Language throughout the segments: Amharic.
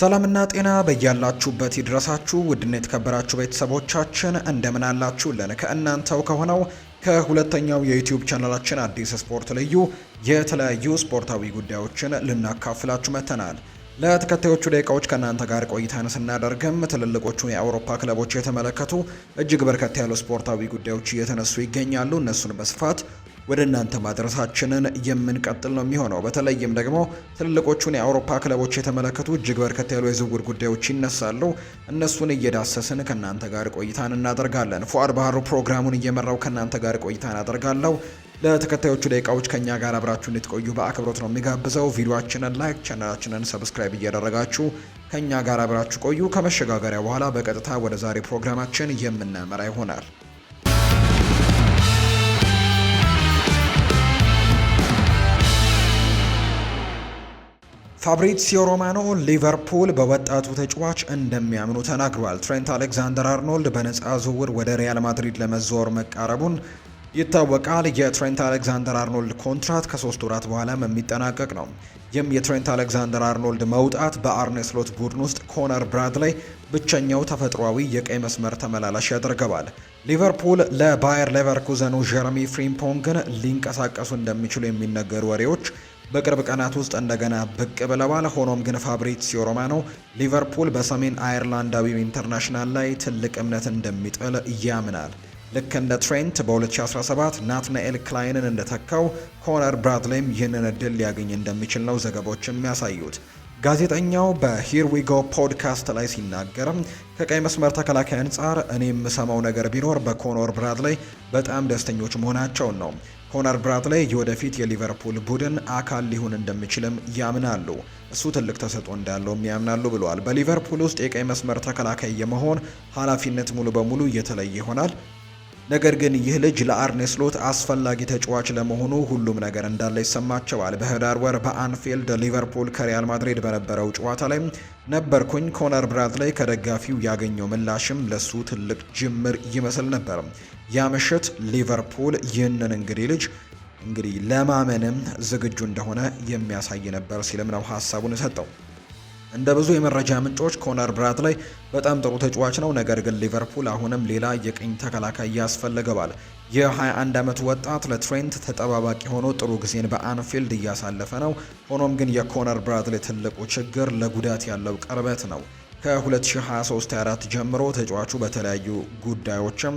ሰላምና ጤና በያላችሁበት ይድረሳችሁ ውድን የተከበራችሁ ቤተሰቦቻችን እንደምን አላችሁልን? ከእናንተው ከሆነው ከሁለተኛው የዩቲዩብ ቻናላችን አዲስ ስፖርት ልዩ የተለያዩ ስፖርታዊ ጉዳዮችን ልናካፍላችሁ መጥተናል። ለተከታዮቹ ደቂቃዎች ከእናንተ ጋር ቆይታን ስናደርግም ትልልቆቹን የአውሮፓ ክለቦች የተመለከቱ እጅግ በርከት ያሉ ስፖርታዊ ጉዳዮች እየተነሱ ይገኛሉ። እነሱን በስፋት ወደ እናንተ ማድረሳችንን የምንቀጥል ነው የሚሆነው። በተለይም ደግሞ ትልልቆቹን የአውሮፓ ክለቦች የተመለከቱ እጅግ በርከት ያሉ የዝውውር ጉዳዮች ይነሳሉ። እነሱን እየዳሰስን ከእናንተ ጋር ቆይታን እናደርጋለን። ፉአድ ባህሩ ፕሮግራሙን እየመራው ከእናንተ ጋር ቆይታን አደርጋለሁ። ለተከታዮቹ ደቂቃዎች ከኛ ጋር አብራችሁ እንድትቆዩ በአክብሮት ነው የሚጋብዘው። ቪዲዮችንን ላይክ፣ ቻናላችንን ሰብስክራይብ እያደረጋችሁ ከኛ ጋር አብራችሁ ቆዩ። ከመሸጋገሪያ በኋላ በቀጥታ ወደ ዛሬ ፕሮግራማችን የምናመራ ይሆናል። ፋብሪሲዮ ሮማኖ ሊቨርፑል በወጣቱ ተጫዋች እንደሚያምኑ ተናግሯል። ትሬንት አሌክዛንደር አርኖልድ በነፃ ዝውውር ወደ ሪያል ማድሪድ ለመዘወር መቃረቡን ይታወቃል። የትሬንት አሌክዛንደር አርኖልድ ኮንትራት ከሶስት ወራት በኋላም የሚጠናቀቅ ነው። ይህም የትሬንት አሌክዛንደር አርኖልድ መውጣት በአርኔስሎት ቡድን ውስጥ ኮነር ብራድላይ ብቸኛው ተፈጥሯዊ የቀይ መስመር ተመላላሽ ያደርገዋል። ሊቨርፑል ለባየር ሌቨርኩዘኑ ጀረሚ ፍሪምፖንግን ሊንቀሳቀሱ እንደሚችሉ የሚነገሩ ወሬዎች በቅርብ ቀናት ውስጥ እንደገና ብቅ ብለዋል። ሆኖም ግን ሲሮማ ሮማኖ ሊቨርፑል በሰሜን አየርላንዳዊው ኢንተርናሽናል ላይ ትልቅ እምነት እንደሚጥል ያምናል። ልክ እንደ ትሬንት በ2017 ናትናኤል ክላይንን እንደተካው ኮነር ብራድሌም ይህንን እድል ሊያገኝ እንደሚችል ነው ዘገባዎች የሚያሳዩት። ጋዜጠኛው በሂርዊጎ ፖድካስት ላይ ሲናገርም ከቀይ መስመር ተከላካይ አንጻር እኔ የምሰማው ነገር ቢኖር በኮኖር ብራድሌይ በጣም ደስተኞች መሆናቸውን ነው። ብራት ላይ የወደፊት የሊቨርፑል ቡድን አካል ሊሆን እንደሚችልም ያምናሉ። እሱ ትልቅ ተሰጥኦ እንዳለውም ያምናሉ ብለዋል። በሊቨርፑል ውስጥ የቀይ መስመር ተከላካይ የመሆን ኃላፊነት ሙሉ በሙሉ የተለየ ይሆናል። ነገር ግን ይህ ልጅ ለአርኔ ስሎት አስፈላጊ ተጫዋች ለመሆኑ ሁሉም ነገር እንዳለ ይሰማቸዋል። በህዳር ወር በአንፊልድ ሊቨርፑል ከሪያል ማድሪድ በነበረው ጨዋታ ላይ ነበርኩኝ። ኮነር ብራድላይ ከደጋፊው ያገኘው ምላሽም ለሱ ትልቅ ጅምር ይመስል ነበር። ያ ምሽት ሊቨርፑል ይህንን እንግዲህ ልጅ እንግዲህ ለማመንም ዝግጁ እንደሆነ የሚያሳይ ነበር ሲልም ነው ሀሳቡን ሰጠው። እንደ ብዙ የመረጃ ምንጮች ኮነር ብራድላይ በጣም ጥሩ ተጫዋች ነው፣ ነገር ግን ሊቨርፑል አሁንም ሌላ የቀኝ ተከላካይ ያስፈልገዋል። የ21 ዓመት ወጣት ለትሬንት ተጠባባቂ ሆኖ ጥሩ ጊዜን በአንፊልድ እያሳለፈ ነው። ሆኖም ግን የኮነር ብራድላይ ትልቁ ችግር ለጉዳት ያለው ቅርበት ነው። ከ2023-24 ጀምሮ ተጫዋቹ በተለያዩ ጉዳዮችም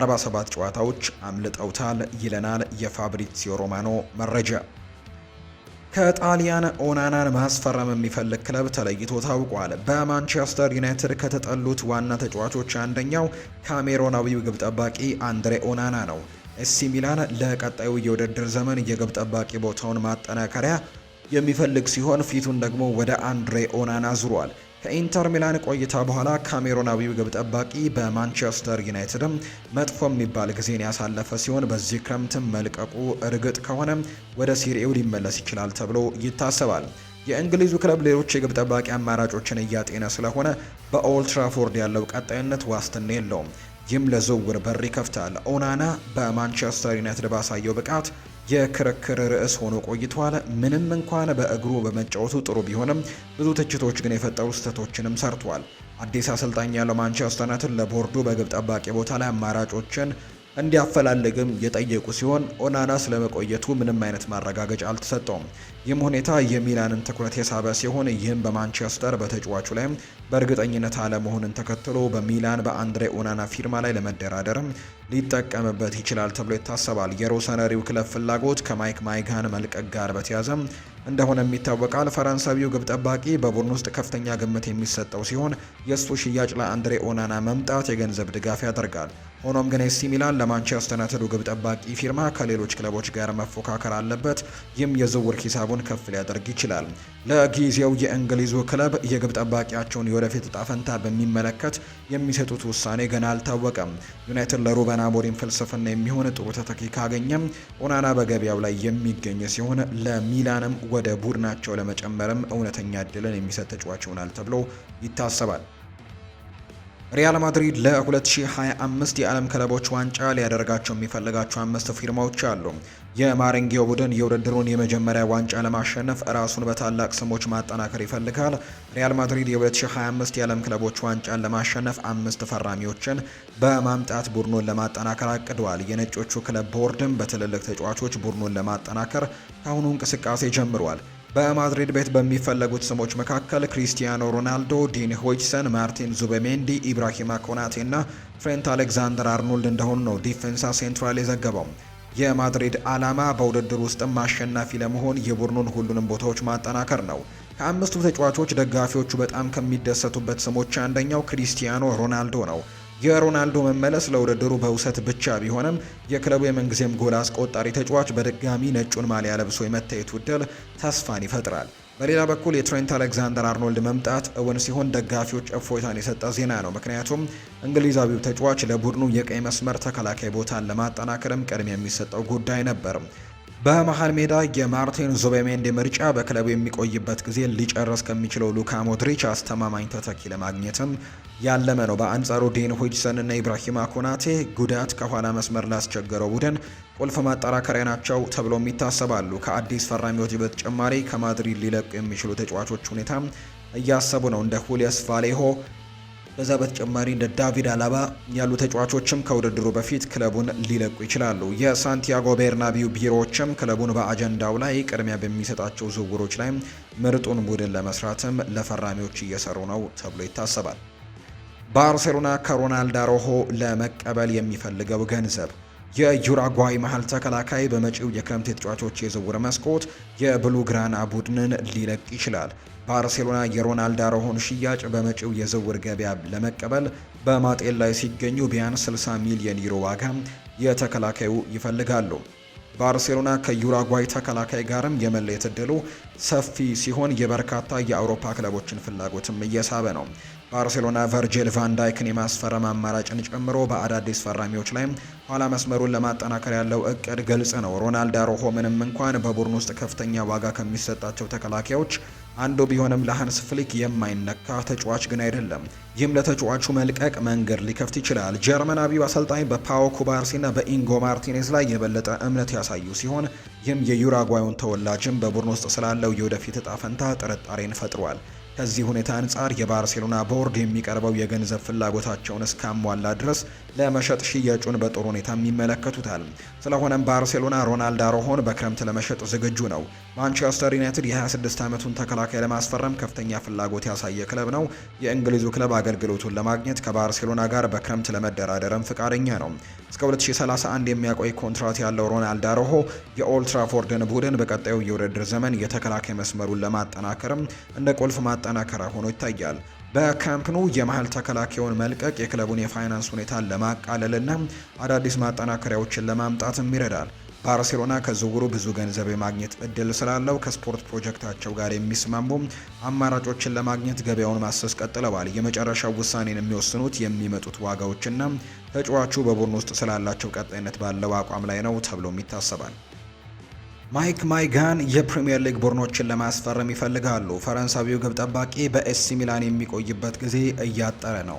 47 ጨዋታዎች አምልጠውታል ይለናል የፋብሪዚዮ ሮማኖ መረጃ። ከጣሊያን ኦናናን ማስፈረም የሚፈልግ ክለብ ተለይቶ ታውቋል። በማንቸስተር ዩናይትድ ከተጠሉት ዋና ተጫዋቾች አንደኛው ካሜሮናዊው ግብ ጠባቂ አንድሬ ኦናና ነው። ኤሲ ሚላን ለቀጣዩ የውድድር ዘመን የግብ ጠባቂ ቦታውን ማጠናከሪያ የሚፈልግ ሲሆን ፊቱን ደግሞ ወደ አንድሬ ኦናና ዙሯል። ከኢንተር ሚላን ቆይታ በኋላ ካሜሮናዊው ግብ ጠባቂ በማንቸስተር ዩናይትድም መጥፎ የሚባል ጊዜን ያሳለፈ ሲሆን በዚህ ክረምትም መልቀቁ እርግጥ ከሆነ ወደ ሲሪኤው ሊመለስ ይችላል ተብሎ ይታሰባል። የእንግሊዙ ክለብ ሌሎች የግብ ጠባቂ አማራጮችን እያጤነ ስለሆነ በኦልትራፎርድ ያለው ቀጣይነት ዋስትና የለውም። ይህም ለዝውውር በር ይከፍታል። ኦናና በማንቸስተር ዩናይትድ ባሳየው ብቃት የክርክር ርዕስ ሆኖ ቆይቷል። ምንም እንኳን በእግሩ በመጫወቱ ጥሩ ቢሆንም ብዙ ትችቶች ግን የፈጠሩ ስህተቶችንም ሰርቷል። አዲስ አሰልጣኝ ያለው ማንቸስተር ዩናይትድ ለቦርዱ በግብ ጠባቂ ቦታ ላይ አማራጮችን እንዲያፈላልግም የጠየቁ ሲሆን ኦናና ስለመቆየቱ ምንም አይነት ማረጋገጫ አልተሰጠውም። ይህም ሁኔታ የሚላንን ትኩረት የሳበ ሲሆን ይህም በማንቸስተር በተጫዋቹ ላይ በእርግጠኝነት አለመሆንን ተከትሎ በሚላን በአንድሬ ኦናና ፊርማ ላይ ለመደራደር ሊጠቀምበት ይችላል ተብሎ ይታሰባል። የሮሰነሪው ክለብ ፍላጎት ከማይክ ማይጋን መልቀቅ ጋር በተያያዘ እንደሆነም ይታወቃል። ፈረንሳዊው ግብ ጠባቂ በቡድን ውስጥ ከፍተኛ ግምት የሚሰጠው ሲሆን የእሱ ሽያጭ ለአንድሬ ኦናና መምጣት የገንዘብ ድጋፍ ያደርጋል። ሆኖም ግን ኤሲ ሚላን ለማንቸስተር ዩናይትድ ግብ ጠባቂ ፊርማ ከሌሎች ክለቦች ጋር መፎካከር አለበት። ይህም የዝውውር ሂሳቡን ከፍ ሊያደርግ ይችላል። ለጊዜው የእንግሊዙ ክለብ የግብ ጠባቂያቸውን የወደፊት እጣ ፈንታ በሚመለከት የሚሰጡት ውሳኔ ገና አልታወቀም። ዩናይትድ ለሩበን አሞሪም ፍልስፍና የሚሆን ጥሩ ተተኪ ካገኘም ኦናና በገበያው ላይ የሚገኝ ሲሆን ለሚላንም ወደ ቡድናቸው ለመጨመርም እውነተኛ እድልን የሚሰጥ ተጫዋች ይሆናል ተብሎ ይታሰባል። ሪያል ማድሪድ ለ2025 የዓለም ክለቦች ዋንጫ ሊያደርጋቸው የሚፈልጋቸው አምስት ፊርማዎች አሉ። የማረንጌው ቡድን የውድድሩን የመጀመሪያ ዋንጫ ለማሸነፍ ራሱን በታላቅ ስሞች ማጠናከር ይፈልጋል። ሪያል ማድሪድ የ2025 የዓለም ክለቦች ዋንጫን ለማሸነፍ አምስት ፈራሚዎችን በማምጣት ቡድኑን ለማጠናከር አቅደዋል። የነጮቹ ክለብ ቦርድም በትልልቅ ተጫዋቾች ቡድኑን ለማጠናከር ከአሁኑ እንቅስቃሴ ጀምሯል። በማድሪድ ቤት በሚፈለጉት ስሞች መካከል ክሪስቲያኖ ሮናልዶ፣ ዲን ሆይችሰን፣ ማርቲን ዙበሜንዲ፣ ኢብራሂማ ኮናቴ እና ትሬንት አሌክዛንደር አርኖልድ እንደሆኑ ነው ዲፌንሳ ሴንትራል የዘገበው። የማድሪድ ዓላማ በውድድር ውስጥም አሸናፊ ለመሆን የቡድኑን ሁሉንም ቦታዎች ማጠናከር ነው። ከአምስቱ ተጫዋቾች ደጋፊዎቹ በጣም ከሚደሰቱበት ስሞች አንደኛው ክሪስቲያኖ ሮናልዶ ነው። የሮናልዶ መመለስ ለውድድሩ በውሰት ብቻ ቢሆንም የክለቡ የምንጊዜም ጎል አስቆጣሪ ተጫዋች በድጋሚ ነጩን ማሊያ ለብሶ የመታየት ውድል ተስፋን ይፈጥራል። በሌላ በኩል የትሬንት አሌክዛንደር አርኖልድ መምጣት እውን ሲሆን ደጋፊዎች እፎይታን የሰጠ ዜና ነው። ምክንያቱም እንግሊዛዊው ተጫዋች ለቡድኑ የቀይ መስመር ተከላካይ ቦታን ለማጠናከርም ቅድሚያ የሚሰጠው ጉዳይ ነበር። በመሀል ሜዳ የማርቲን ዙቤሜንዲ ምርጫ በክለቡ የሚቆይበት ጊዜ ሊጨርስ ከሚችለው ሉካ ሞድሪች አስተማማኝ ተተኪ ለማግኘትም ያለመ ነው። በአንጻሩ ዴን ሆጅሰን እና ኢብራሂማ ኮናቴ ጉዳት ከኋላ መስመር ላስቸገረው ቡድን ቁልፍ ማጠራከሪያ ናቸው ተብሎም ይታሰባሉ። ከአዲስ ፈራሚዎች በተጨማሪ ከማድሪድ ሊለቁ የሚችሉ ተጫዋቾች ሁኔታ እያሰቡ ነው። እንደ ሁሊየስ ቫሌሆ በዛ በተጨማሪ እንደ ዳቪድ አላባ ያሉ ተጫዋቾችም ከውድድሩ በፊት ክለቡን ሊለቁ ይችላሉ። የሳንቲያጎ ቤርናቢው ቢሮዎችም ክለቡን በአጀንዳው ላይ ቅድሚያ በሚሰጣቸው ዝውውሮች ላይ ምርጡን ቡድን ለመስራትም ለፈራሚዎች እየሰሩ ነው ተብሎ ይታሰባል። ባርሴሎና ከሮናልድ አሮሆ ለመቀበል የሚፈልገው ገንዘብ የዩራጓይ መሀል ተከላካይ በመጪው የክረምት የተጫዋቾች የዝውውር መስኮት የብሉግራና ቡድንን ሊለቅ ይችላል። ባርሴሎና የሮናልድ አሮሆን ሽያጭ በመጪው የዝውውር ገበያ ለመቀበል በማጤን ላይ ሲገኙ ቢያንስ 60 ሚሊዮን ዩሮ ዋጋ የተከላካዩ ይፈልጋሉ። ባርሴሎና ከዩራጓይ ተከላካይ ጋርም የመለየት እድሉ ሰፊ ሲሆን የበርካታ የአውሮፓ ክለቦችን ፍላጎትም እየሳበ ነው። ባርሴሎና ቨርጂል ቫንዳይክን የማስፈረም አማራጭን ጨምሮ በአዳዲስ ፈራሚዎች ላይ ኋላ መስመሩን ለማጠናከር ያለው እቅድ ግልጽ ነው። ሮናልድ አሮሆ ምንም እንኳን በቡድን ውስጥ ከፍተኛ ዋጋ ከሚሰጣቸው ተከላካዮች አንዱ ቢሆንም ለሃንስ ፍሊክ የማይነካ ተጫዋች ግን አይደለም። ይህም ለተጫዋቹ መልቀቅ መንገድ ሊከፍት ይችላል። ጀርመናዊው አሰልጣኝ በፓዎ ኩባርሲና በኢንጎ ማርቲኔዝ ላይ የበለጠ እምነት ያሳዩ ሲሆን ይህም የዩራጓዩን ተወላጅም በቡድን ውስጥ ስላለው የወደፊት እጣ ፈንታ ጥርጣሬን ፈጥሯል። ከዚህ ሁኔታ አንጻር የባርሴሎና ቦርድ የሚቀርበው የገንዘብ ፍላጎታቸውን እስካሟላ ድረስ ለመሸጥ ሽያጩን በጥሩ ሁኔታ ይመለከቱታል። ስለሆነም ባርሴሎና ሮናልድ አሮሆን በክረምት ለመሸጥ ዝግጁ ነው። ማንቸስተር ዩናይትድ የ26 ዓመቱን ተከላካይ ለማስፈረም ከፍተኛ ፍላጎት ያሳየ ክለብ ነው። የእንግሊዙ ክለብ አገልግሎቱን ለማግኘት ከባርሴሎና ጋር በክረምት ለመደራደርም ፍቃደኛ ነው። እስከ 2031 የሚያቆይ ኮንትራት ያለው ሮናልድ አሮሆ የኦልትራፎርድን ቡድን በቀጣዩ የውድድር ዘመን የተከላካይ መስመሩን ለማጠናከርም እንደ ቁልፍ ማጠናከሪያ ሆኖ ይታያል። በካምፕኑ የመሀል ተከላካዩን መልቀቅ የክለቡን የፋይናንስ ሁኔታን ለማቃለልና አዳዲስ ማጠናከሪያዎችን ለማምጣትም ይረዳል። ባርሴሎና ከዝውውሩ ብዙ ገንዘብ የማግኘት እድል ስላለው ከስፖርት ፕሮጀክታቸው ጋር የሚስማሙ አማራጮችን ለማግኘት ገበያውን ማሰስ ቀጥለዋል። የመጨረሻው ውሳኔን የሚወስኑት የሚመጡት ዋጋዎችና ተጫዋቹ በቡድን ውስጥ ስላላቸው ቀጣይነት ባለው አቋም ላይ ነው ተብሎም ይታሰባል። ማይክ ማይጋን የፕሪምየር ሊግ ቡድኖችን ለማስፈረም ይፈልጋሉ። ፈረንሳዊው ግብ ጠባቂ በኤሲ ሚላን የሚቆይበት ጊዜ እያጠረ ነው።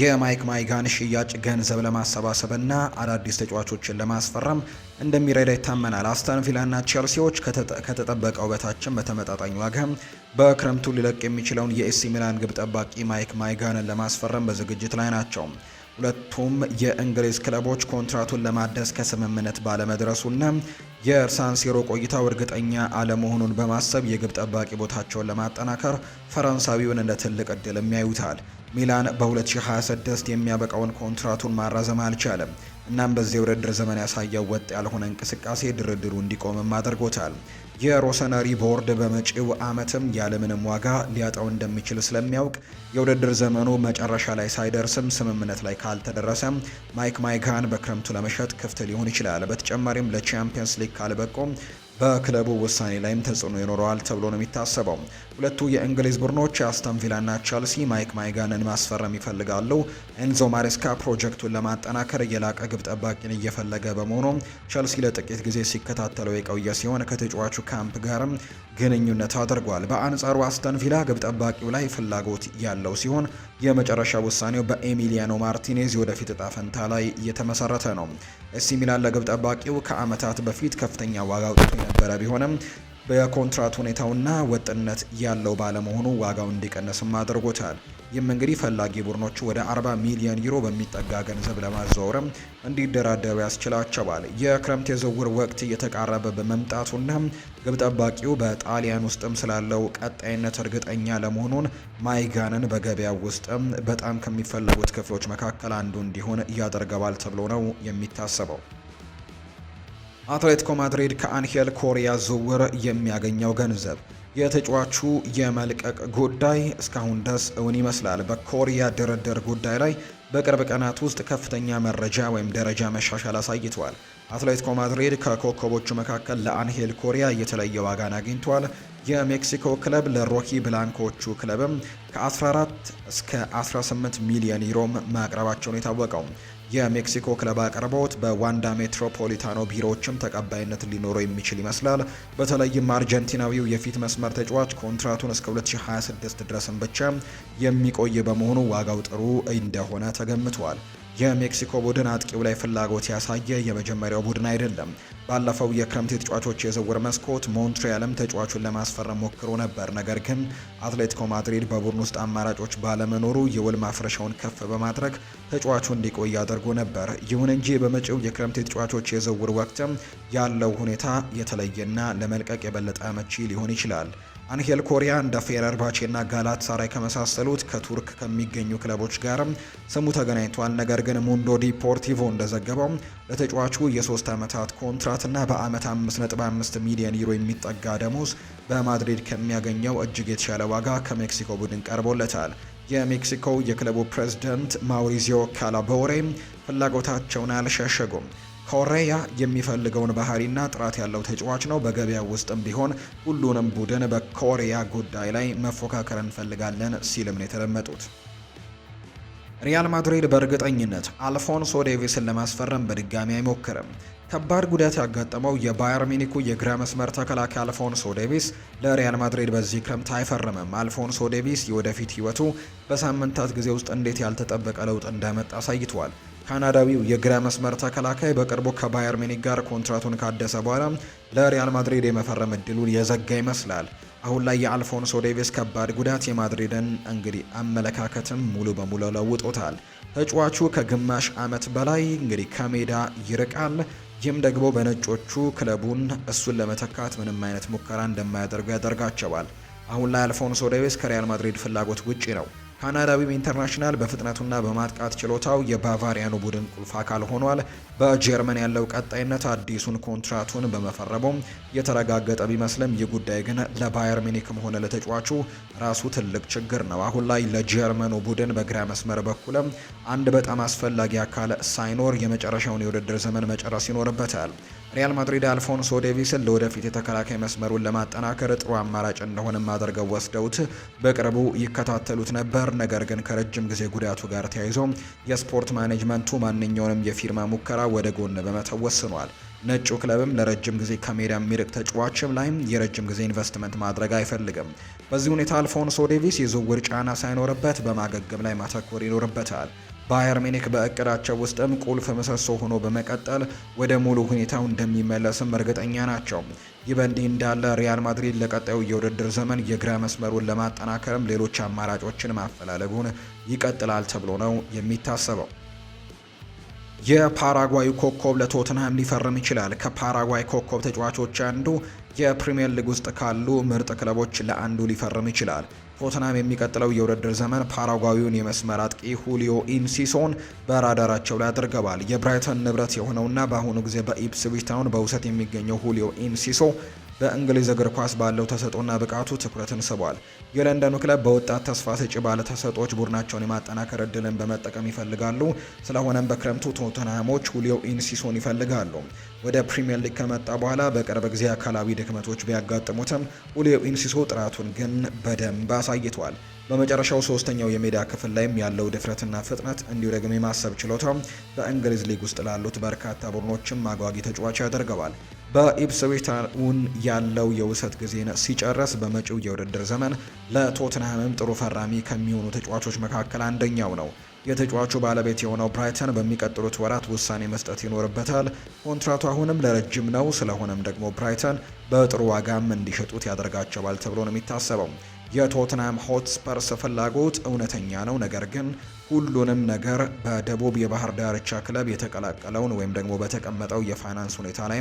የማይክ ማይጋን ሽያጭ ገንዘብ ለማሰባሰብና አዳዲስ ተጫዋቾችን ለማስፈረም እንደሚረዳ ይታመናል። አስተን ቪላና ቼልሲዎች ከተጠበቀው በታችን በተመጣጣኝ ዋጋ በክረምቱ ሊለቅ የሚችለውን የኤሲ ሚላን ግብ ጠባቂ ማይክ ማይጋንን ለማስፈረም በዝግጅት ላይ ናቸው። ሁለቱም የእንግሊዝ ክለቦች ኮንትራቱን ለማደስ ከስምምነት ባለመድረሱና የሳንሲሮ ቆይታው እርግጠኛ አለመሆኑን በማሰብ የግብ ጠባቂ ቦታቸውን ለማጠናከር ፈረንሳዊውን እንደ ትልቅ እድል የሚያዩታል። ሚላን በ2026 የሚያበቃውን ኮንትራቱን ማራዘም አልቻለም። እናም በዚህ ውድድር ዘመን ያሳየው ወጥ ያልሆነ እንቅስቃሴ ድርድሩ እንዲቆምም አድርጎታል። የሮሰነሪ ቦርድ በመጪው ዓመትም ያለምንም ዋጋ ሊያጣው እንደሚችል ስለሚያውቅ የውድድር ዘመኑ መጨረሻ ላይ ሳይደርስም ስምምነት ላይ ካልተደረሰም ማይክ ማይጋን በክረምቱ ለመሸጥ ክፍት ሊሆን ይችላል። በተጨማሪም ለቻምፒየንስ ሊግ ካልበቆም በክለቡ ውሳኔ ላይም ተጽዕኖ ይኖረዋል ተብሎ ነው የሚታሰበው። ሁለቱ የእንግሊዝ ቡድኖች አስተን ቪላና ቻልሲ ማይክ ማይጋንን ማስፈረም ይፈልጋሉ። ኤንዞ ማሬስካ ፕሮጀክቱን ለማጠናከር የላቀ ግብ ጠባቂን እየፈለገ በመሆኑ ቻልሲ ለጥቂት ጊዜ ሲከታተለው የቆየ ሲሆን ከተጫዋቹ ካምፕ ጋርም ግንኙነት አድርጓል። በአንጻሩ አስተን ቪላ ግብ ጠባቂው ላይ ፍላጎት ያለው ሲሆን የመጨረሻ ውሳኔው በኤሚሊያኖ ማርቲኔዝ ወደፊት እጣ ፈንታ ላይ እየተመሰረተ ነው። ኤሲ ሚላን ለግብ ጠባቂው ከዓመታት በፊት ከፍተኛ ዋጋ አውጥቶ የነበረ ቢሆንም በኮንትራት ሁኔታውና ወጥነት ያለው ባለመሆኑ ዋጋው እንዲቀንስም አድርጎታል። ይህም እንግዲህ ፈላጊ ቡድኖች ወደ 40 ሚሊዮን ዩሮ በሚጠጋ ገንዘብ ለማዘወር እንዲደራደሩ ያስችላቸዋል። የክረምት የዝውውር ወቅት እየተቃረበ በመምጣቱና ግብ ጠባቂው በጣሊያን ውስጥም ስላለው ቀጣይነት እርግጠኛ ለመሆኑን ማይጋንን በገበያው ውስጥም በጣም ከሚፈለጉት ክፍሎች መካከል አንዱ እንዲሆን ያደርገዋል ተብሎ ነው የሚታሰበው። አትሌቲኮ ማድሪድ ከአንሄል ኮሪያ ዝውውር የሚያገኘው ገንዘብ የተጫዋቹ የመልቀቅ ጉዳይ እስካሁን ድረስ እውን ይመስላል። በኮሪያ ድርድር ጉዳይ ላይ በቅርብ ቀናት ውስጥ ከፍተኛ መረጃ ወይም ደረጃ መሻሻል አሳይተዋል። አትሌቲኮ ማድሪድ ከኮከቦቹ መካከል ለአንሄል ኮሪያ የተለየ ዋጋን አግኝቷል። የሜክሲኮ ክለብ ለሮኪ ብላንኮቹ ክለብም ከ14 እስከ 18 ሚሊዮን ዩሮም ማቅረባቸውን የታወቀው የሜክሲኮ ክለብ አቅርቦት በዋንዳ ሜትሮፖሊታኖ ቢሮዎችም ተቀባይነት ሊኖረው የሚችል ይመስላል። በተለይም አርጀንቲናዊው የፊት መስመር ተጫዋች ኮንትራቱን እስከ 2026 ድረስም ብቻ የሚቆይ በመሆኑ ዋጋው ጥሩ እንደሆነ ተገምቷል። የሜክሲኮ ቡድን አጥቂው ላይ ፍላጎት ያሳየ የመጀመሪያው ቡድን አይደለም። ባለፈው የክረምት የተጫዋቾች የዝውውር መስኮት ሞንትሪያልም ተጫዋቹን ለማስፈረም ሞክሮ ነበር። ነገር ግን አትሌቲኮ ማድሪድ በቡድን ውስጥ አማራጮች ባለመኖሩ የውል ማፍረሻውን ከፍ በማድረግ ተጫዋቹ እንዲቆይ አድርጎ ነበር። ይሁን እንጂ በመጪው የክረምት የተጫዋቾች የዝውውር ወቅትም ያለው ሁኔታ የተለየና ለመልቀቅ የበለጠ አመቺ ሊሆን ይችላል። አንሄል ኮሪያ እንደ ፌነርባቼ እና ጋላት ሳራይ ከመሳሰሉት ከቱርክ ከሚገኙ ክለቦች ጋርም ስሙ ተገናኝቷል። ነገር ግን ሙንዶ ዲፖርቲቮ እንደዘገበው ለተጫዋቹ የሶስት ዓመታት ኮንትራትና በአመት 5.5 ሚሊዮን ዩሮ የሚጠጋ ደሞዝ በማድሪድ ከሚያገኘው እጅግ የተሻለ ዋጋ ከሜክሲኮ ቡድን ቀርቦለታል። የሜክሲኮ የክለቡ ፕሬዝዳንት ማውሪዚዮ ካላቦሬ ፍላጎታቸውን አልሸሸጉም። ሆሬያ የሚፈልገውን ባህሪና ጥራት ያለው ተጫዋች ነው። በገበያ ውስጥም ቢሆን ሁሉንም ቡድን በኮሪያ ጉዳይ ላይ መፎካከር እንፈልጋለን ሲልም ነው የተደመጡት። ሪያል ማድሪድ በእርግጠኝነት አልፎንሶ ዴቪስን ለማስፈረም በድጋሚ አይሞክርም። ከባድ ጉዳት ያጋጠመው የባየር ሚኒኩ የግራ መስመር ተከላካይ አልፎንሶ ዴቪስ ለሪያል ማድሪድ በዚህ ክረምት አይፈርምም። አልፎንሶ ዴቪስ የወደፊት ሕይወቱ በሳምንታት ጊዜ ውስጥ እንዴት ያልተጠበቀ ለውጥ እንዳመጣ አሳይቷል። ካናዳዊው የግራ መስመር ተከላካይ በቅርቡ ከባየር ሚኒክ ጋር ኮንትራቱን ካደሰ በኋላ ለሪያል ማድሪድ የመፈረም እድሉን የዘጋ ይመስላል። አሁን ላይ የአልፎንሶ ዴቪስ ከባድ ጉዳት የማድሪድን እንግዲህ አመለካከትም ሙሉ በሙሉ ለውጦታል። ተጫዋቹ ከግማሽ ዓመት በላይ እንግዲህ ከሜዳ ይርቃል። ይህም ደግሞ በነጮቹ ክለቡን እሱን ለመተካት ምንም አይነት ሙከራ እንደማያደርጉ ያደርጋቸዋል። አሁን ላይ አልፎንሶ ዴቪስ ከሪያል ማድሪድ ፍላጎት ውጪ ነው። ካናዳዊው ኢንተርናሽናል በፍጥነቱና በማጥቃት ችሎታው የባቫሪያኑ ቡድን ቁልፍ አካል ሆኗል። በጀርመን ያለው ቀጣይነት አዲሱን ኮንትራቱን በመፈረሙም የተረጋገጠ ቢመስልም ይህ ጉዳይ ግን ለባየር ሚኒክም ሆነ ለተጫዋቹ ራሱ ትልቅ ችግር ነው። አሁን ላይ ለጀርመኑ ቡድን በግራ መስመር በኩልም አንድ በጣም አስፈላጊ አካል ሳይኖር የመጨረሻውን የውድድር ዘመን መጨረስ ይኖርበታል። ሪያል ማድሪድ አልፎንሶ ዴቪስን ለወደፊት የተከላካይ መስመሩን ለማጠናከር ጥሩ አማራጭ እንደሆነ አድርገው ወስደውት በቅርቡ ይከታተሉት ነበር። ነበር። ነገር ግን ከረጅም ጊዜ ጉዳቱ ጋር ተያይዞ የስፖርት ማኔጅመንቱ ማንኛውንም የፊርማ ሙከራ ወደ ጎን በመተው ወስኗል። ነጩ ክለብም ለረጅም ጊዜ ከሜዳ የሚርቅ ተጫዋችም ላይም የረጅም ጊዜ ኢንቨስትመንት ማድረግ አይፈልግም። በዚህ ሁኔታ አልፎንሶ ዴቪስ የዝውውር ጫና ሳይኖርበት በማገገም ላይ ማተኮር ይኖርበታል። ባየር ሚኒክ በእቅዳቸው ውስጥም ቁልፍ ምሰሶ ሆኖ በመቀጠል ወደ ሙሉ ሁኔታው እንደሚመለስም እርግጠኛ ናቸው። ይህ በእንዲህ እንዳለ ሪያል ማድሪድ ለቀጣዩ የውድድር ዘመን የግራ መስመሩን ለማጠናከርም ሌሎች አማራጮችን ማፈላለጉን ይቀጥላል ተብሎ ነው የሚታሰበው። የፓራጓዩ ኮከብ ለቶትንሃም ሊፈርም ይችላል። ከፓራጓይ ኮከብ ተጫዋቾች አንዱ የፕሪምየር ሊግ ውስጥ ካሉ ምርጥ ክለቦች ለአንዱ ሊፈርም ይችላል። ቶትናም የሚቀጥለው የውድድር ዘመን ፓራጓዊውን የመስመር አጥቂ ሁሊዮ ኢንሲሶን በራዳራቸው ላይ አድርገዋል። የብራይተን ንብረት የሆነውና በአሁኑ ጊዜ በኢፕስዊች ታውን በውሰት የሚገኘው ሁሊዮ ኢንሲሶ በእንግሊዝ እግር ኳስ ባለው ተሰጥኦና ብቃቱ ትኩረትን ስቧል። የለንደኑ ክለብ በወጣት ተስፋ ሰጪ ባለ ቡድናቸውን የማጠናከር እድልን በመጠቀም ይፈልጋሉ። ስለሆነም በክረምቱ ቶተንሃሞች ሁሊዮ ኢንሲሶን ይፈልጋሉ። ወደ ፕሪምየር ሊግ ከመጣ በኋላ በቅርብ ጊዜ አካላዊ ድክመቶች ቢያጋጥሙትም ሁሊዮ ኢንሲሶ ጥራቱን ግን በደንብ አሳይቷል። በመጨረሻው ሶስተኛው የሜዳ ክፍል ላይም ያለው ድፍረትና ፍጥነት እንዲሁ ደግሞ የማሰብ ችሎታ በእንግሊዝ ሊግ ውስጥ ላሉት በርካታ ቡድኖችም አጓጊ ተጫዋች ያደርገዋል። በኢፕስዊታውን ያለው የውሰት ጊዜ ሲጨርስ በመጪው የውድድር ዘመን ለቶትንሃምም ጥሩ ፈራሚ ከሚሆኑ ተጫዋቾች መካከል አንደኛው ነው። የተጫዋቹ ባለቤት የሆነው ብራይተን በሚቀጥሉት ወራት ውሳኔ መስጠት ይኖርበታል። ኮንትራቱ አሁንም ለረጅም ነው። ስለሆነም ደግሞ ብራይተን በጥሩ ዋጋም እንዲሸጡት ያደርጋቸዋል ተብሎ ነው የሚታሰበው። የቶትናም ሆትስፐርስ ፍላጎት እውነተኛ ነው፣ ነገር ግን ሁሉንም ነገር በደቡብ የባህር ዳርቻ ክለብ የተቀላቀለውን ወይም ደግሞ በተቀመጠው የፋይናንስ ሁኔታ ላይ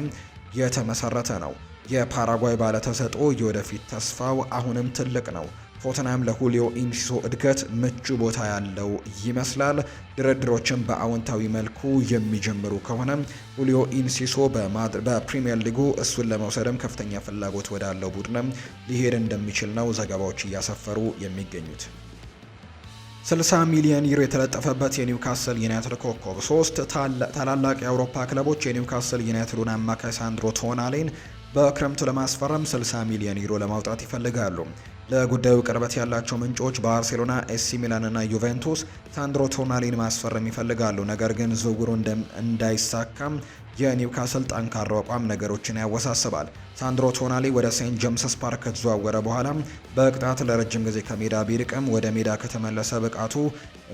የተመሰረተ ነው። የፓራጓይ ባለተሰጥኦ የወደፊት ተስፋው አሁንም ትልቅ ነው። ቶተናም ለሁሊዮ ኢንሺሶ እድገት ምቹ ቦታ ያለው ይመስላል። ድርድሮችን በአዎንታዊ መልኩ የሚጀምሩ ከሆነ ሁሊዮ ኢንሲሶ በፕሪምየር ሊጉ እሱን ለመውሰድም ከፍተኛ ፍላጎት ወዳለው ቡድንም ሊሄድ እንደሚችል ነው ዘገባዎች እያሰፈሩ የሚገኙት። 60 ሚሊዮን ዩሮ የተለጠፈበት የኒውካስል ዩናይትድ ኮከብ ሶስት ታላላቅ የአውሮፓ ክለቦች የኒውካስል ዩናይትዱን አማካይ ሳንድሮ ቶናሌን በክረምቱ ለማስፈረም 60 ሚሊዮን ዩሮ ለማውጣት ይፈልጋሉ። ለጉዳዩ ቅርበት ያላቸው ምንጮች ባርሴሎና፣ ኤሲ ሚላን እና ዩቬንቱስ ሳንድሮ ቶናሊን ማስፈረም ይፈልጋሉ። ነገር ግን ዝውውሩ እንዳይሳካም የኒውካስል ጠንካራ አቋም ነገሮችን ያወሳስባል። ሳንድሮ ቶናሊ ወደ ሴንት ጀምስስ ፓርክ ከተዘዋወረ በኋላ በቅጣት ለረጅም ጊዜ ከሜዳ ቢርቅም ወደ ሜዳ ከተመለሰ ብቃቱ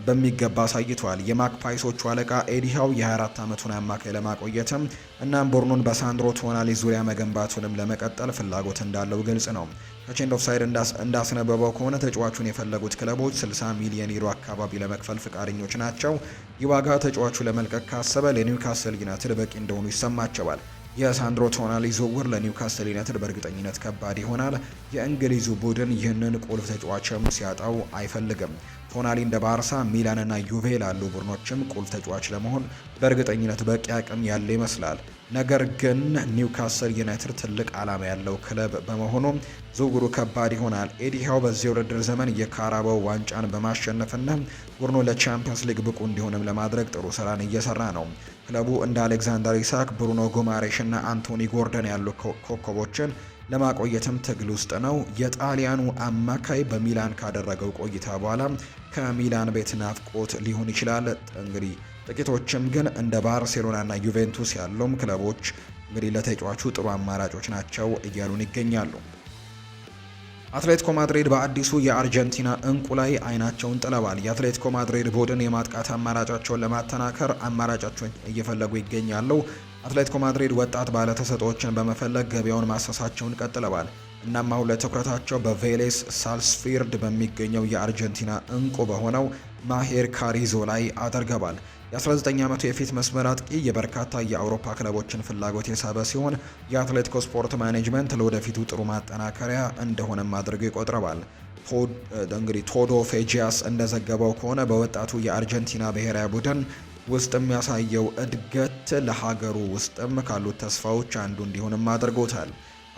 በሚገባ አሳይቷል። የማክፓይሶቹ አለቃ ኤዲሃው የ24 ዓመቱን አማካይ ለማቆየትም እናም ቡድኑን በሳንድሮ ቶናሊ ዙሪያ መገንባቱንም ለመቀጠል ፍላጎት እንዳለው ግልጽ ነው። ከቼንድ ኦፍ ሳይድ እንዳስነበበው ከሆነ ተጫዋቹን የፈለጉት ክለቦች 60 ሚሊዮን ዩሮ አካባቢ ለመክፈል ፍቃደኞች ናቸው። ይህ ዋጋ ተጫዋቹ ለመልቀቅ ካሰበ ለኒውካስል ዩናይትድ በቂ እንደሆኑ ይሰማቸዋል። የሳንድሮ ቶናሊ ዝውውር ለኒውካስል ዩናይትድ በእርግጠኝነት ከባድ ይሆናል። የእንግሊዙ ቡድን ይህንን ቁልፍ ተጫዋችም ሲያጣው አይፈልግም። ቶናሊ እንደ ባርሳ፣ ሚላንና ዩቬ ላሉ ቡድኖችም ቁልፍ ተጫዋች ለመሆን በእርግጠኝነት በቂ አቅም ያለ ይመስላል። ነገር ግን ኒውካስል ዩናይትድ ትልቅ ዓላማ ያለው ክለብ በመሆኑ ዝውውሩ ከባድ ይሆናል። ኤዲሃው በዚህ ውድድር ዘመን የካራባው ዋንጫን በማሸነፍና ቡድኑ ለቻምፒየንስ ሊግ ብቁ እንዲሆንም ለማድረግ ጥሩ ስራን እየሰራ ነው። ክለቡ እንደ አሌክዛንደር ኢሳክ፣ ብሩኖ ጉማሬሽና አንቶኒ ጎርደን ያሉ ኮከቦችን ለማቆየትም ትግል ውስጥ ነው። የጣሊያኑ አማካይ በሚላን ካደረገው ቆይታ በኋላ ከሚላን ቤት ናፍቆት ሊሆን ይችላል። እንግዲህ ጥቂቶችም ግን እንደ ባርሴሎናና ዩቬንቱስ ያሉም ክለቦች እንግዲህ ለተጫዋቹ ጥሩ አማራጮች ናቸው እያሉን ይገኛሉ። አትሌቲኮ ማድሪድ በአዲሱ የአርጀንቲና እንቁ ላይ አይናቸውን ጥለዋል። የአትሌቲኮ ማድሪድ ቡድን የማጥቃት አማራጫቸውን ለማተናከር አማራጫቸውን እየፈለጉ ይገኛሉ። አትሌቲኮ ማድሪድ ወጣት ባለተሰጦችን በመፈለግ ገበያውን ማሰሳቸውን ቀጥለዋል። እናም አሁን ለትኩረታቸው በቬሌስ ሳልስፊርድ በሚገኘው የአርጀንቲና እንቁ በሆነው ማሄር ካሪዞ ላይ አድርገዋል። የ19 ዓመቱ የፊት መስመር አጥቂ የበርካታ የአውሮፓ ክለቦችን ፍላጎት የሳበ ሲሆን የአትሌቲኮ ስፖርት ማኔጅመንት ለወደፊቱ ጥሩ ማጠናከሪያ እንደሆነም አድርገው ይቆጥረዋል። እንግዲህ ቶዶ ፌጂያስ እንደዘገበው ከሆነ በወጣቱ የአርጀንቲና ብሔራዊ ቡድን ውስጥ የሚያሳየው እድገት ለሀገሩ ውስጥም ካሉት ተስፋዎች አንዱ እንዲሆንም አድርጎታል።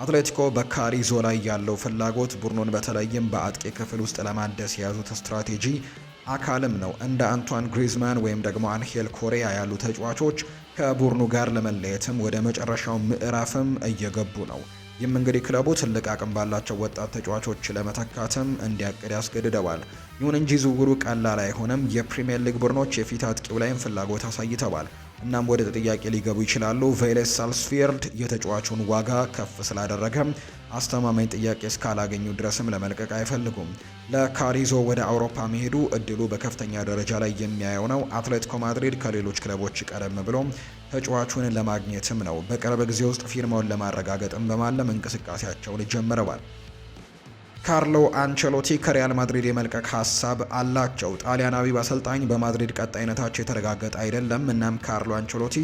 አትሌቲኮ በካሪዞ ላይ ያለው ፍላጎት ቡድኑን በተለይም በአጥቂ ክፍል ውስጥ ለማደስ የያዙት ስትራቴጂ አካልም ነው። እንደ አንቷን ግሪዝማን ወይም ደግሞ አንሄል ኮሪያ ያሉ ተጫዋቾች ከቡድኑ ጋር ለመለየትም ወደ መጨረሻው ምዕራፍም እየገቡ ነው። ይህም እንግዲህ ክለቡ ትልቅ አቅም ባላቸው ወጣት ተጫዋቾች ለመተካትም እንዲያቅድ ያስገድደዋል። ይሁን እንጂ ዝውውሩ ቀላል አይሆንም። የፕሪምየር ሊግ ቡድኖች የፊት አጥቂው ላይም ፍላጎት አሳይተዋል። እናም ወደ ጥያቄ ሊገቡ ይችላሉ። ቬሌስ ሳልስፊልድ የተጫዋቹን ዋጋ ከፍ ስላደረገ አስተማማኝ ጥያቄ እስካላገኙ ድረስም ለመልቀቅ አይፈልጉም። ለካሪዞ ወደ አውሮፓ መሄዱ እድሉ በከፍተኛ ደረጃ ላይ የሚያየው ነው። አትሌቲኮ ማድሪድ ከሌሎች ክለቦች ቀደም ብሎ ተጫዋቹን ለማግኘትም ነው። በቅርብ ጊዜ ውስጥ ፊርማውን ለማረጋገጥም በማለም እንቅስቃሴያቸውን ጀምረዋል። ካርሎ አንቸሎቲ ከሪያል ማድሪድ የመልቀቅ ሀሳብ አላቸው። ጣሊያናዊ አሰልጣኝ በማድሪድ ቀጣይነታቸው የተረጋገጠ አይደለም። እናም ካርሎ አንቸሎቲ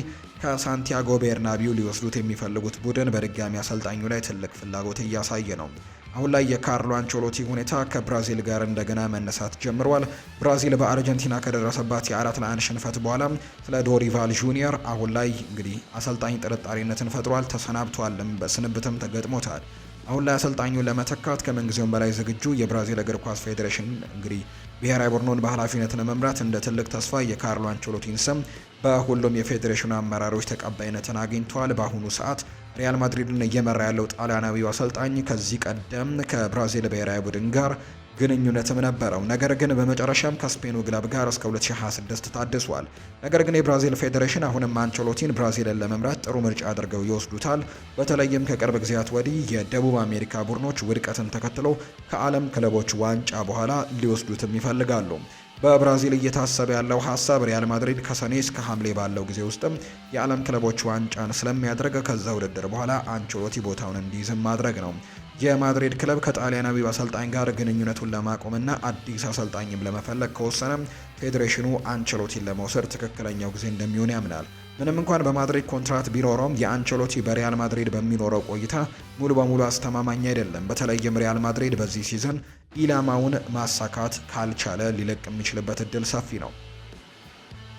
ከሳንቲያጎ ቤርናቢው ሊወስዱት የሚፈልጉት ቡድን በድጋሚ አሰልጣኙ ላይ ትልቅ ፍላጎት እያሳየ ነው። አሁን ላይ የካርሎ አንቸሎቲ ሁኔታ ከብራዚል ጋር እንደገና መነሳት ጀምሯል። ብራዚል በአርጀንቲና ከደረሰባት የአራት ለአንድ ሽንፈት በኋላ ስለ ዶሪቫል ጁኒየር አሁን ላይ እንግዲህ አሰልጣኝ ጥርጣሬነትን ፈጥሯል። ተሰናብቷልም በስንብትም ተገጥሞታል። አሁን ላይ አሰልጣኙ ለመተካት ከምንጊዜውም በላይ ዝግጁ የብራዚል እግር ኳስ ፌዴሬሽን እንግዲህ ብሔራዊ ቡድኑን በኃላፊነት ለመምራት እንደ ትልቅ ተስፋ የካርሎ አንቸሎቲን ስም በሁሉም የፌዴሬሽኑ አመራሮች ተቀባይነትን አግኝቷል። በአሁኑ ሰዓት ሪያል ማድሪድን እየመራ ያለው ጣሊያናዊው አሰልጣኝ ከዚህ ቀደም ከብራዚል ብሔራዊ ቡድን ጋር ግንኙነትም ነበረው። ነገር ግን በመጨረሻም ከስፔኑ ግለብ ጋር እስከ 2026 ታድሷል። ነገር ግን የብራዚል ፌዴሬሽን አሁንም አንቸሎቲን ብራዚልን ለመምራት ጥሩ ምርጫ አድርገው ይወስዱታል። በተለይም ከቅርብ ጊዜያት ወዲህ የደቡብ አሜሪካ ቡድኖች ውድቀትን ተከትሎ ከዓለም ክለቦች ዋንጫ በኋላ ሊወስዱትም ይፈልጋሉ። በብራዚል እየታሰበ ያለው ሀሳብ ሪያል ማድሪድ ከሰኔ እስከ ሐምሌ ባለው ጊዜ ውስጥም የዓለም ክለቦች ዋንጫን ስለሚያደርግ ከዛ ውድድር በኋላ አንቸሎቲ ቦታውን እንዲይዝም ማድረግ ነው። የማድሪድ ክለብ ከጣሊያናዊ አሰልጣኝ ጋር ግንኙነቱን ለማቆምና አዲስ አሰልጣኝም ለመፈለግ ከወሰነ ፌዴሬሽኑ አንቸሎቲን ለመውሰድ ትክክለኛው ጊዜ እንደሚሆን ያምናል። ምንም እንኳን በማድሪድ ኮንትራት ቢኖረውም የአንቸሎቲ በሪያል ማድሪድ በሚኖረው ቆይታ ሙሉ በሙሉ አስተማማኝ አይደለም። በተለይም ሪያል ማድሪድ በዚህ ሲዝን ኢላማውን ማሳካት ካልቻለ ሊለቅ የሚችልበት እድል ሰፊ ነው።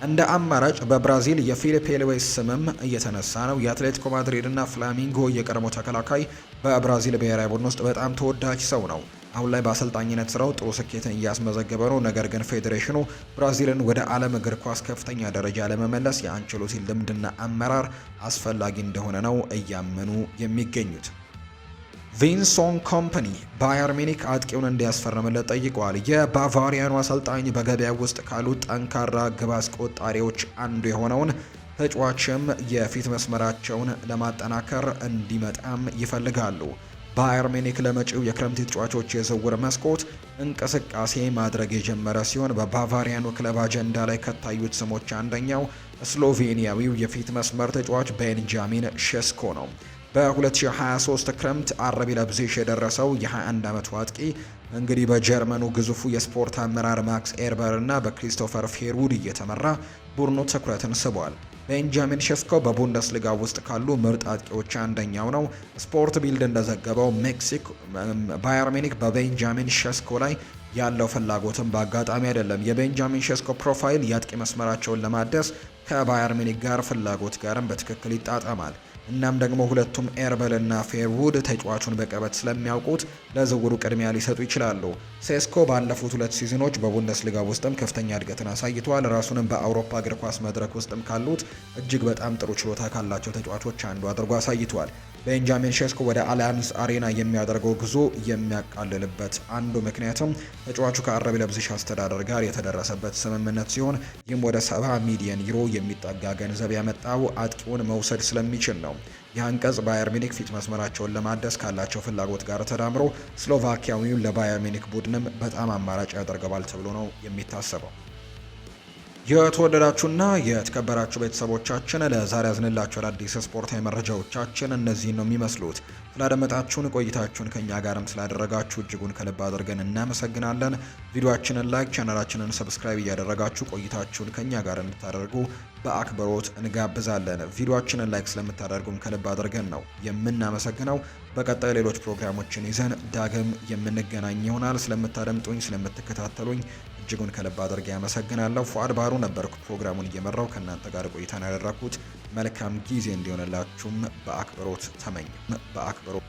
እንደ አማራጭ በብራዚል የፊሊፔ ሉዊስ ስምም እየተነሳ ነው። የአትሌቲኮ ማድሪድ እና ፍላሚንጎ የቀድሞ ተከላካይ በብራዚል ብሔራዊ ቡድን ውስጥ በጣም ተወዳጅ ሰው ነው። አሁን ላይ በአሰልጣኝነት ስራው ጥሩ ስኬትን እያስመዘገበ ነው። ነገር ግን ፌዴሬሽኑ ብራዚልን ወደ ዓለም እግር ኳስ ከፍተኛ ደረጃ ለመመለስ የአንቸሎቲ ልምድና አመራር አስፈላጊ እንደሆነ ነው እያመኑ የሚገኙት። ቪንሶን ኮምፓኒ ባየር ሚኒክ አጥቂውን እንዲያስፈርምለት ጠይቋል። የባቫሪያኑ አሰልጣኝ በገበያ ውስጥ ካሉ ጠንካራ ግብ አስቆጣሪዎች አንዱ የሆነውን ተጫዋችም የፊት መስመራቸውን ለማጠናከር እንዲመጣም ይፈልጋሉ። ባየር ሚኒክ ለመጪው የክረምት ተጫዋቾች የዝውውር መስኮት እንቅስቃሴ ማድረግ የጀመረ ሲሆን በባቫሪያኑ ክለብ አጀንዳ ላይ ከታዩት ስሞች አንደኛው ስሎቬኒያዊው የፊት መስመር ተጫዋች ቤንጃሚን ሼስኮ ነው። በ2023 ክረምት አረቢ ለብዜሽ የደረሰው የ21 ዓመቱ አጥቂ እንግዲህ በጀርመኑ ግዙፉ የስፖርት አመራር ማክስ ኤርበር እና በክሪስቶፈር ፌርውድ እየተመራ ቡድኑ ትኩረትን ስቧል። ቤንጃሚን ሸስኮ በቡንደስሊጋ ውስጥ ካሉ ምርጥ አጥቂዎች አንደኛው ነው። ስፖርት ቢልድ እንደዘገበው ሜክሲኮ ባየር ሚኒክ በቤንጃሚን ሸስኮ ላይ ያለው ፍላጎትም በአጋጣሚ አይደለም። የቤንጃሚን ሼስኮ ፕሮፋይል የአጥቂ መስመራቸውን ለማደስ ከባየር ሚኒክ ጋር ፍላጎት ጋርም በትክክል ይጣጣማል። እናም ደግሞ ሁለቱም ኤርበል እና ፌርውድ ተጫዋቹን በቅርበት ስለሚያውቁት ለዝውውሩ ቅድሚያ ሊሰጡ ይችላሉ። ሴስኮ ባለፉት ሁለት ሲዝኖች በቡንደስሊጋ ውስጥም ከፍተኛ እድገትን አሳይተዋል። ራሱንም በአውሮፓ እግር ኳስ መድረክ ውስጥም ካሉት እጅግ በጣም ጥሩ ችሎታ ካላቸው ተጫዋቾች አንዱ አድርጎ አሳይተዋል። ቤንጃሚን ሼስኮ ወደ አሊያንስ አሬና የሚያደርገው ጉዞ የሚያቃልልበት አንዱ ምክንያትም ተጫዋቹ ከአረብ ለብዝሽ አስተዳደር ጋር የተደረሰበት ስምምነት ሲሆን ይህም ወደ ሰባ ሚሊየን ዩሮ የሚጠጋ ገንዘብ ያመጣው አጥቂውን መውሰድ ስለሚችል ነው። ይህ አንቀጽ ባየር ሚኒክ ፊት መስመራቸውን ለማደስ ካላቸው ፍላጎት ጋር ተዳምሮ ስሎቫኪያዊውን ለባየር ሚኒክ ቡድንም በጣም አማራጭ ያደርገዋል ተብሎ ነው የሚታሰበው። የተወደዳችሁና የተከበራችሁ ቤተሰቦቻችን ለዛሬ ያዝንላችሁ አዳዲስ ስፖርታዊ መረጃዎቻችን እነዚህ ነው የሚመስሉት። ስላደመጣችሁን ቆይታችሁን ከኛ ጋርም ስላደረጋችሁ እጅጉን ከልብ አድርገን እናመሰግናለን። ቪዲዮችንን ላይክ፣ ቻናላችንን ሰብስክራይብ እያደረጋችሁ ቆይታችሁን ከኛ ጋር እንድታደርጉ በአክብሮት እንጋብዛለን። ቪዲዮችንን ላይክ ስለምታደርጉም ከልብ አድርገን ነው የምናመሰግነው። በቀጣይ ሌሎች ፕሮግራሞችን ይዘን ዳግም የምንገናኝ ይሆናል። ስለምታደምጡኝ፣ ስለምትከታተሉኝ እጅጉን ከልብ አድርጌ ያመሰግናለሁ። ፏድ ባህሩ ነበርኩ ፕሮግራሙን እየመራው ከእናንተ ጋር ቆይታን ያደረኩት። መልካም ጊዜ እንዲሆንላችሁም በአክብሮት ተመኝ በአክብሮት